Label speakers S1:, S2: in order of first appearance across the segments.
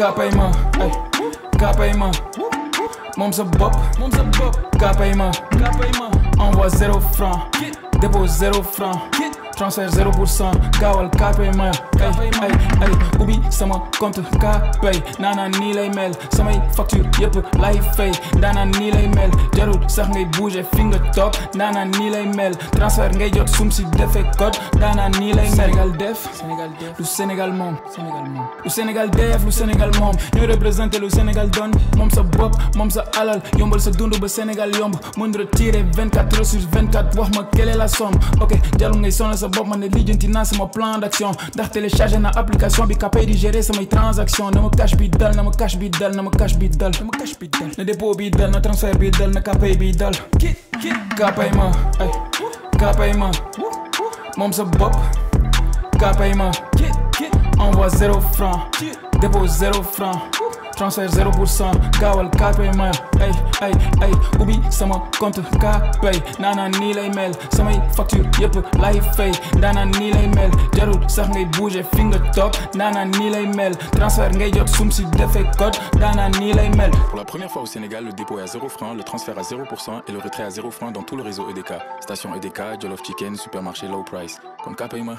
S1: Kaapayma ay Kaapayma moom sa bopp moom sa zéro franc dépôt zéro franc transfert zéro pour cent gaawal kaapay ma ay ay ay ubbi sama compte kaapay naanaan nii lay mel samay facture yëpp lay fay ndaanaan nii lay mel jarul sax ngay bouger fi nga toog ndaanaan nii lay mel transfert ngay jot sum si defee code ndaanaan nii lay mel Sénégal def lu Sénégal moom lu Sénégal def lu Sénégal moom ñooy représenté lu Sénégal doon moom sa bopp moom sa alal yombal sa dund ba Sénégal yomb mën retirer 24 heures sur 24 wax ma quelle est la somme ok jarul ngay sonal sa bopp ma ne lijjanti naa sama plan d' action ndax na application bi kapay di gérer samay transaction na ma cash bi dal na ma cash bi dal na ma cash bi dal na ma cash bi dal na dépôt bi dal na transfert bi dal na kapay bi dal kapay ma ay ma moom sa bopp kapay ma envoie zéro franc dépôt zéro franc transfert 0 pour cent gaawal kpay ma ay ay ay ubbi sama compte kpay naanaan nii lay mel samay facture yëpp lay fay ndaanaan nii lay mel jarul sax ngay bouger fi nga toog ndaanaan mel transfert ngay jot sum si defee code ndaanaan nii mel Pour la première fois au Sénégal, le dépôt est à 0 francs, le transfert à 0% et le retrait à 0 francs dans tout le réseau EDK. Station EDK, Jollof Chicken, supermarché Low Price. Comme Capema.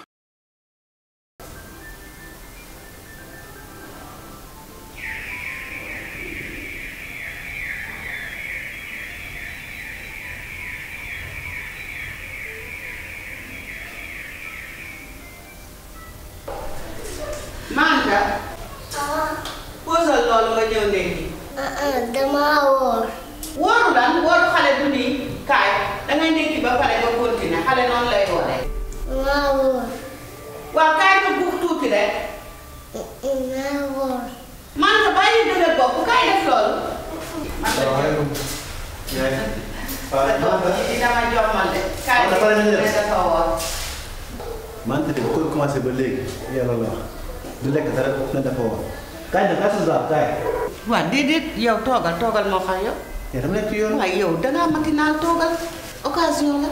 S2: dina ma jommal de. kaay dafa woor.
S3: man de ko commencé ba léegi yàlla la wax du lekk dara na dafa
S2: woor kaay na kaay Sousa kaay. waaw déedéet yow toogal toogal moo xam yow. yaa dama nekk yoon. waaye yow dangaa matinal toogal occasion la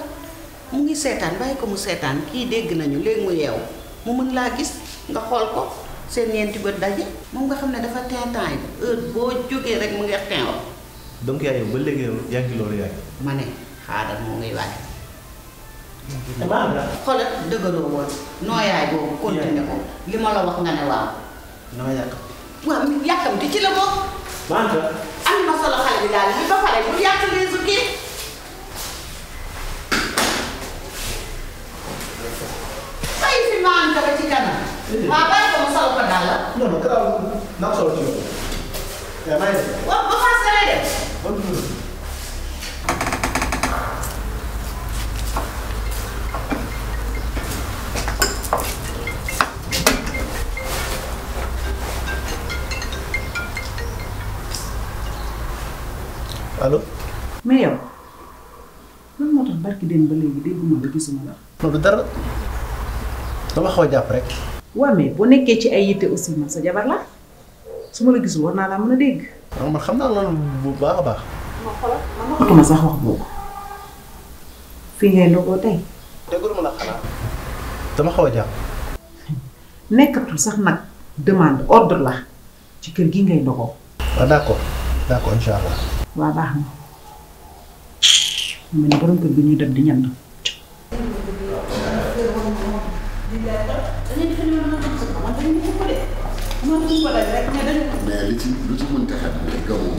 S2: mu ngi seetaan bàyyi ko mu seetaan kii dégg nañu léegi mu yeewu mu mën laa gis nga xool ko seen ñeenti bët daje moom nga xam ne dafa tintaan yi heure boo jógee rek mu ngi teewal.
S3: donc yaay yow ba léegi yow yaa ngi loolu yaay. ma xaaral moo ngay waaj. waaw
S2: xoolal dëggaloo woon nooyaay boobu continué ko li ma la wax nga ne waaw. noo yàqam. waaw yàkkamti ci la bokk. wante. am na ci kanam. waaw bàyyi ko mu sol ko daal la.
S3: non non garaaw naa solo ci yow. yaa ngi ba faa sore de. allo. mais yow lan moo tax barki dem ba léegi dégguma la gisuma la. loolu dara dama xaw a jàpp rek.
S2: waaw mais boo nekkee ci ay yitte aussi man sa jabar la su ma la gisul war naa laa mën a dégg. man xam naa loolu bu baax a baax. ma xoolal man waxatuma sax wax boobu. fii ngay ndogoo tey.
S3: déggul ma la xanaa. dama xaw a jàpp.
S2: nekkatul sax nag demande ordre la ci kër gi ngay ndogoo.
S3: waaw ah, d'accord d'accord incha allah.
S2: waa baax na man borom kër gi ñu dem di ñan. mais
S3: li ci lu ci mënti xel mais gëmoo.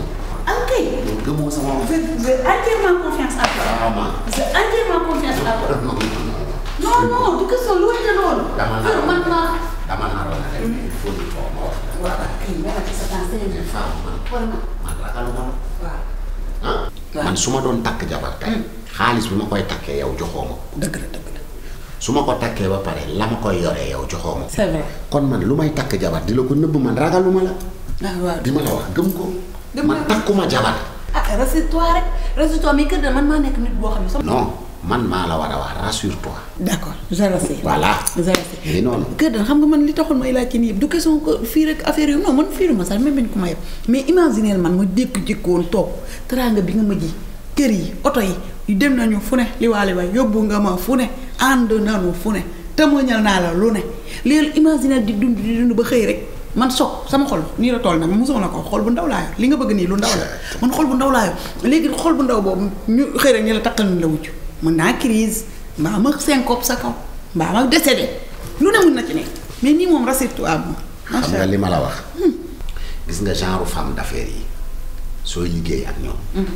S2: Ah, ok donc gëmoo sama. j'ai entièrement ah, man confiance en toi. non du question lu wér la loolu. ma.
S3: dama naroon rek. ma wax. voilà kay nga la ah. man su ma doon takk jabar tey hmm. xaalis bi ma koy takkee yow joxoo ko. dëgg su ma ko takkee ba pare la ma koy yoree yow joxoo kon man lu may takk jabar di la ko nëbb man ragaluma la. ah waaw di ma la wax gëm ko. man takkuma jabar.
S2: ah reste toi rek kër da man maa nekk nit boo xam ne. non.
S3: man maa la war a wax rassure-toi. d'accord je sais. voilà je sais. mais noonu.
S2: kër daal xam nga man li taxul may laajte nii yëpp du question ko fii rek affaire yooyu non man fiiruma sax même ko ma yëpp mais man ma jékki-jékki woon toog teraanga bi nga ma ji kër yi oto yi dem nañu fu ne li waale waay yóbbu nga ma fu ne ànd nañu fu ne témoignal naa la lu ne léegi imaginer di dund di dund ba xëy rek. man soog sama xol nii la toll nag mosuma la ko xol bu ndaw laa yor li nga bëgg nii lu ndaw la man xol bu ndaw laa bu ndaw boobu ñu xëy rek ñu la mën naa crise mbaa ma syncope sa kaw mbaa ma décédé lu ne mën na ci nekk mais nii moom rassure-toi moom.
S3: xam nga li ma la wax. Hmm. gis nga genre femme d'affaires yi sooy liggéey ak ñoom. Hmm.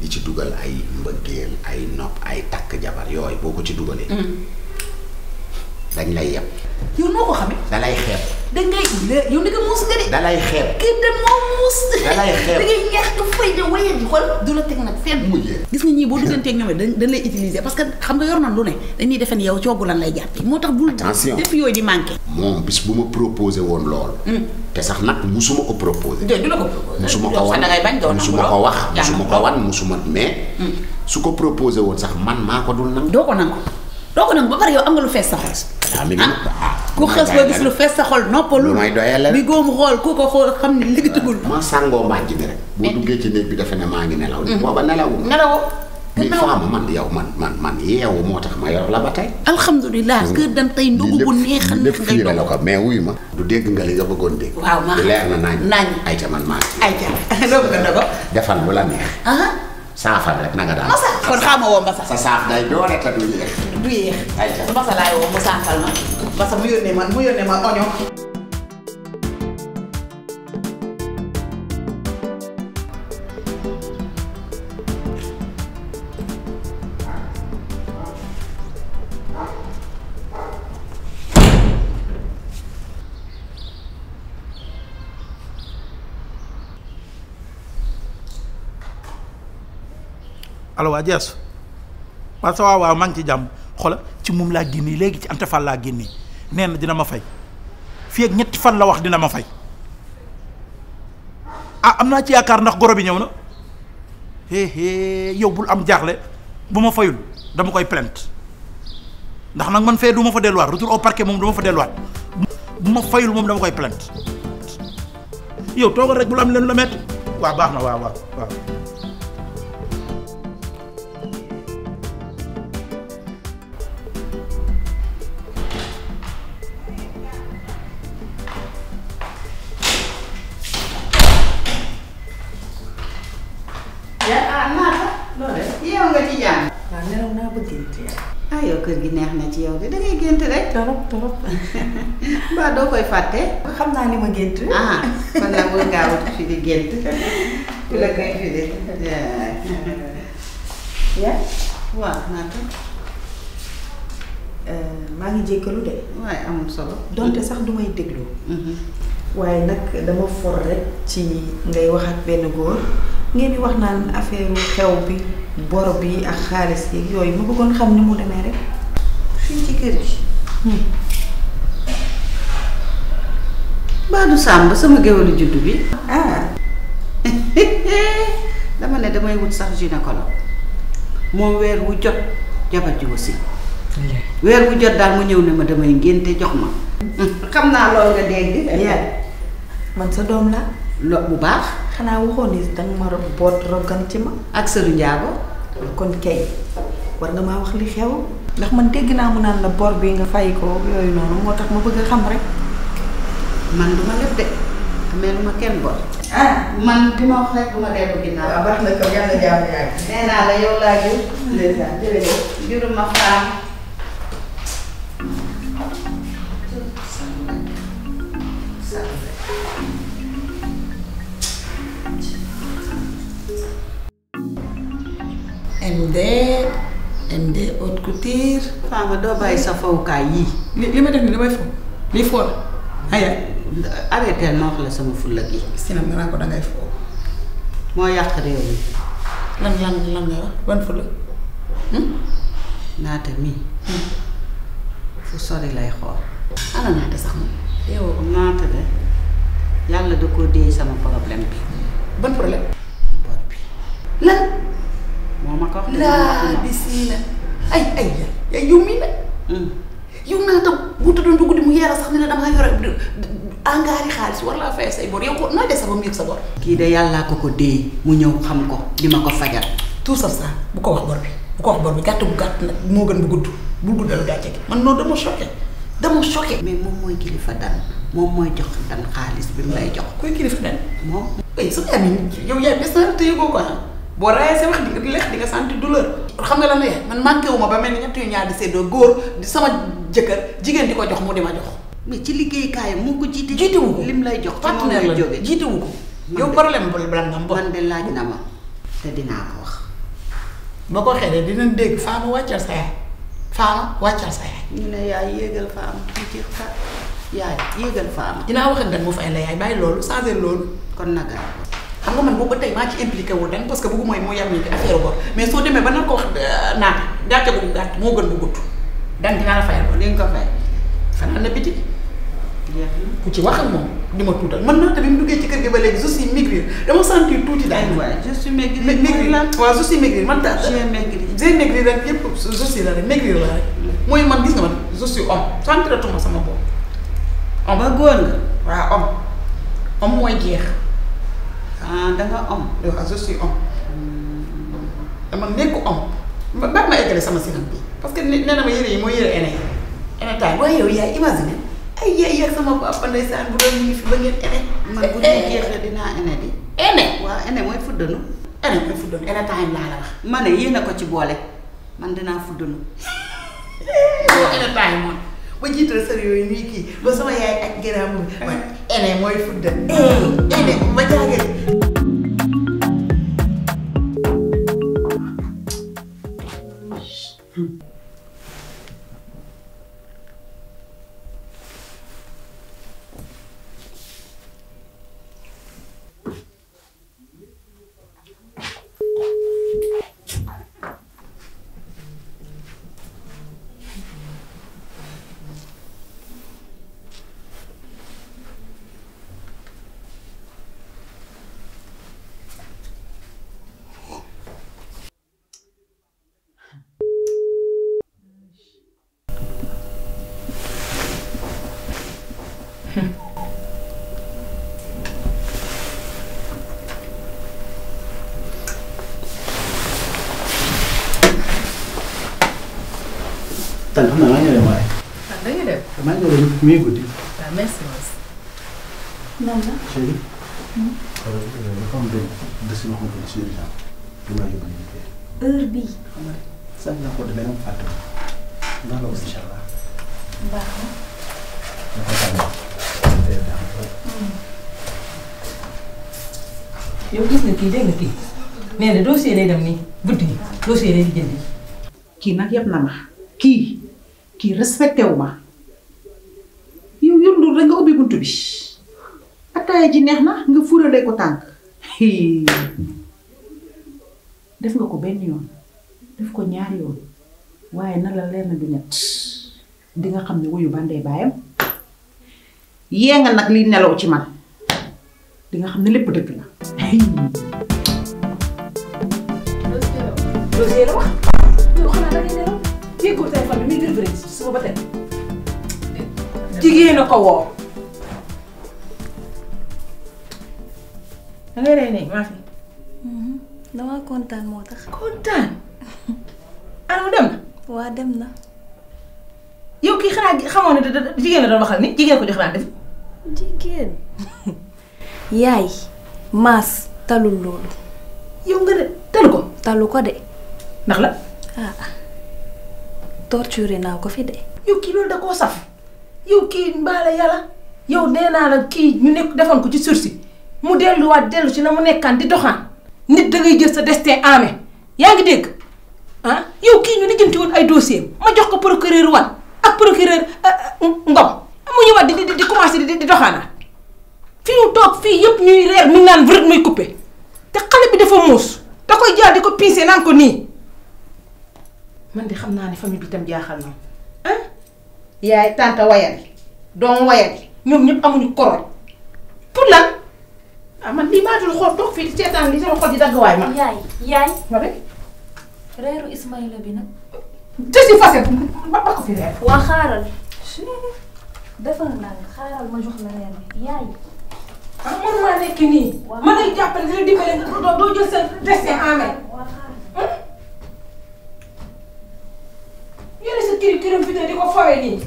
S3: di ci dugal ay mbëggeel ay nopp ay takk jabar yooyu boo ko ci dugalee. Hmm. dañ lay yeb. yow noo ko xamee. da lay xeeb.
S2: da ngay yow ni nga muus
S3: nga de. da lay kii
S2: de moo muus. da lay xeeb di xool du la teg nag fenn. mujjee gis nga ñii boo dugganteeg ñoom dañ dañ parce que xam nga yor nañ lu dañuy defe yow coogu lan lay jàppee. moo tax bul def yooyu di manqué.
S3: moom bis bu ma proposé woon lool. Hmm. te sax nag musuma ko proposé. déedéet du la ko proposé musuma ko wan musuma ko wax musuma ko wan musuma mais. Hmm. su ko proposé woon sax man maa ko dul nangu. doo ko nangu doo ko nangu ba pare yow am nga lu fees sa xol ah mi ngi ku xës ba gis lu fees sa xol noppalu. lu may doyale mi góom xool ku ko xool xam ne li tugul. ma sàngoo mbàjj bi rek. boo duggee ci néeg bi defe ne maa ngi nelaw. Mm-hmm. booba nelawul nelawoo. mais faama man yow man man man yeewu ma yor la ba tey.
S2: alhamdulilah kër dan tey ndogu bu neex a
S3: neex ngay doon la ko mais wuyu ma. du dégg nga li nga bëggoon dégg. waaw maa leer na naañ. naañ ayca man maa ngi. ayca loo bëgg na ko. defal lu la neex. Ah. saafal rek na nga daal. sa saaf day doole te du yéex.
S2: du yéex. ayca woo mu saafal ma Basa mu yónnee ma mu yónnee ma oño.
S1: allo waa Jees waaw sa maa ngi ci jàmm xola ci moom laa génnee léegi ci Anta fan laa génnee nee na dina ma fay fii ak ñetti fan la wax dina ma fay ah am naa ci yaakaar ndax goro bi ñëw na hé yow bul am jaaxle bu ma fayul dama koy plant ndax nag man fee du ma fa delluwaat retour au moom du ma fa delluwaat bu ma fayul moom dama koy plainte yow toogal rek bul am leen la metti waaw baax na waaw waaw waaw
S2: nelaw naa ba gént yàlla. ah yow kër gi neex na ci yow gi da gént rek. torop torop. mbaa doo koy fàtte. xam naa ni ma gént. ah kon ngaa wut fi di gént. ku yaa waaw naa toog. maa ngi jéggalu de. waaye amul solo. donte sax dumay may mhm. waaye nag dama for rek ci ngay wax ak benn góor. ngeen di wax naan affaire xew bi boro bi ak xaalis yi yooyu ma bëggoon xam ni mu demee rek fii ci kër gi hmm. Badou Samb sama géwélu juddu bi ah dama ne damay wut sax gynécologue moom weer wu jot jabar ji aussi weer wu jot daal mu ñëw ne ma damay ngénte jox ma hmm. xam naa loolu nga dégg man sa doom la lo bu baax xanaa waxoon ni danga ma boot rogan ci ma ak sa njaago kon kay war nga maa wax li xew ndax man dégg naa mu naan la bor bi nga fay ko yooyu noonu moo tax ma bëgg a xam rek man du ma lépp de amee lu ma kenn bor ah man di ma wax rek du ma dellu ginnaaw waaw ah, baax na ko yàlla jàmm yàgg nee naa la yow laa jur ndeysaan ma faam MD MD haute couture. Fama doo bàyyi sa fawukaay yii. li li ma def nii damay faw lii foo la. aywa arrêté ma wax la sama fulla gi. Sina ma naa ko dangay foo. moo yàq réew mi. lan lan lan nga wax ban fulla. Hmm? naata mii. fu sori lay xool. ana naata sax moom. yow naata de yàlla da koo déey sama problème bi. ban problème. bor bi lan. moo ma ko wax laa di siina ay ay ay yow mii nag hmm. yow naa tam bu tëddoon ba guddi mu yeera sax ne la damaa yore angaari xaalis war laa fay say bor yow ko nooy def sa ba mu yëg sa bor kii de yàllaa ko ko dee mu ñëw xam ko di ma ko fajal tout ça bu ko wax bor bi bu ko wax bor bi gàtt bu gàtt nag moo gën bu gudd bu guddal gàcce gi man noonu dama choqué dama choqué mais moom mooy kilifa dan moom mooy jox dan xaalis bi mu lay jox kuy kilifa dan moom ay sa yaay yow yaay bés ko ah? boo rayee sa wax di lex di nga sentir douleur xam nga la may man manqué wu ma ba mel ni ñett yu ñaar di séddoo góor di sama jëkkër jigéen di ko jox mu di ma jox mais ci liggéeykaayam mu ko jiite jiitewu ko lim lay jox partenaire la jóge jiitewu ko problème bu la ngam man de laaj na ma te dinaa ko wax boo ko xelee dina dégg faama wàccal sa yaay faama wàccal sa yaay ñu ne yaay yéegal faama mu fa yaay yéegal faama dinaa waxante mu fay la yaay bàyyi loolu changer loolu kon nag xam nga man boobu ba tey maa ci impliqué wul den parce que bëggu mooy mu yem ni ci affaire bor mais soo demee ba na ko wax euh, naat gàcce bu gàtt moo gën bu gudd dan dinaa la fayal ko li nga ko fay fanaan na biti ku ci wax ak moom di ma tuutal man naa tamit mu duggee ci kër gi ba léegi je suis maigrir dama sentir tuuti daal. waaw je suis maigrir maigrir waaw je suis maigrir man. taa j'ai maigri j'ai maigri rek yëpp je suis la rek maigrir la rek. mooy man gis nga man je suis homme sentir tuma sama bopp. homme ba góor nga waaw homme homme mooy jeex. ah da nga homme. je dama nekk homme. ba ba ma eggale sama sinam bi parce que nee na yére yi mooy yére ene yi ene taay waaye yaay imaginer eh? ay yaay yàgg sama papa ndeysaan bu doon ñu fi ba ngeen ene. man bu eh, jeexee eh, dinaa ene di. ene waaw ene mooy fuddanu. ene mooy fuddanu ene taay laa la wax. ma ne yéen ko ci boole man dinaa fuddanu. boo ene taay moom ba jiital sër yooyu ñuy kii ba sama yaay ak gëraam. ene mooy fudda ene ma jaage
S1: tànn xam naa maa ngi dem mi ngi guddi. waaw merci beaucoup. nan la. chérie.
S3: dafa am benn ne c'est ma yóbbu liggéey. heure bii. xam nga sànq naa ko dafay am fàtte. naa la ko incha allah. baax na. dafa ah,
S2: na ma kii kii respecté wu ma yow yëndul rek nga ubbi buntu bi ataaya ji neex na nga furale ko tànk def nga ko benn yoon def ko ñaari yoon waaye na la leer na du ñett di nga xam ne wuyu bandee baayam yee nga nag liy nelaw ci man di nga xam ne lépp dëgg la déggoo téléphone jigéen a ko woo. da rey ne maa fi. Mm-hmm. damaa kontaan moo tax. kontaan. Anam dem na. waa dem na. yow kii xanaa xamoon ne da jigéen la doon waxal ni jigéen ko jox naa def. jigéen. yaay. maas talul loolu. yow nga ne talu ko. talu ko de. ndax la ah, ah. torturé naa ko fi de. yow kii loolu da koo saf yow kii mbaale yàlla yow nee naa la kii ñu nekk defoon ko ci sursi mu delluwaat dellu ci na mu nekkaan di doxaan. nit da ngay jël sa destin amee yaa ngi dégg ah yow kii ñu lijjanti woon ay dossier ma jox ko procureur wan ak procureur euh, euh, Ngom mu ñëwaat di di di commencé di di doxaanaat fi mu toog fii yëpp ñuy reer mi naan vërët muy coupé te xale bi dafa muus da koy jaar di ko pincé naan ko nii. man de xam naa ne famille bi tam jaaxal na ah yaay tànta wayali doom wayali ñoom ñëpp amuñu koroñ pour lan ah, man lii maa dul xool fii seetaan li sama xol di dagg waay man. ko fi reer. waa xaaral. la reer bi yaay. ah man maa nekk nii. waaw ma jàppale di la dimbale doo jël sa destin yore ne di ko fawee nii.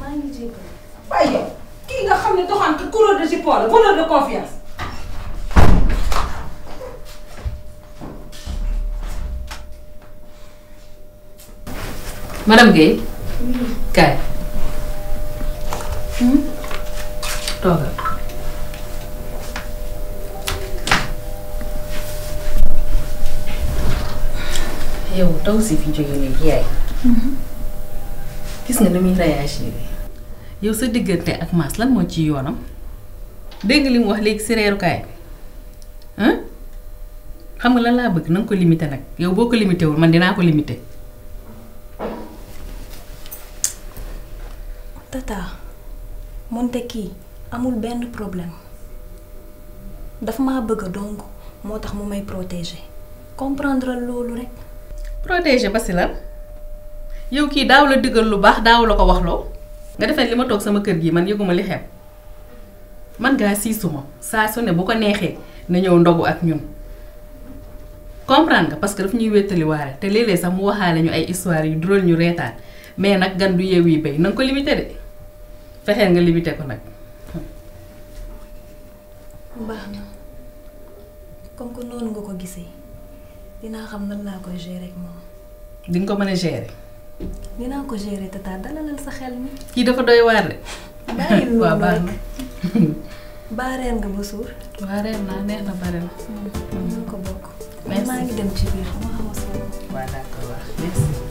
S2: maa ngi jégal. waaye yow kii nga xam ne doxante coureur de support la voleur de confiance. madame Guèye. kaay. Hmm? toogal. yow taw si fi jógee léegi yaay.
S1: Mhm. gis nga ni muy
S2: réagir yow sa diggante ak Mass lan moo ci yoonam dégg nga li mu wax léegi si reerukaay bi xam nga la laa bëgg na ko limité nag yow boo ko limité wul man dinaa ko limité. tata te kii amul benn problème dafa maa bëgg donc moo tax mu may protéger comprendre loolu rek. protéger ba si lan. yow kii daaw la digal lu baax daaw la ko wax loo nga defee li ma toog sama kër gi man yëguma li xew man ngaa siisuma saa sone bu ko neexee na ñëw ndogu ak ñun comprendre nga parce que daf ñuy wéttali waare te léeg sax mu waxaale ñu ay histoire yu dural ñu reetaan mais nag gan du yeew yi bay nan ko limité de fexeel nga limité ko nag. baax na comme que noonu nga ko gisee dinaa xam nan naa koy gérer moom. di nga ko mën a gérer. dinaa ko gérer tata dalalal sa xel mi. kii dafa doy waar de. bàyyi noonu rek baareer nga ba suur. baareer naa neex na bare na. mën ko bokk. maa ngi dem ci biir ma xaw a sonn. waaw d'accord merci.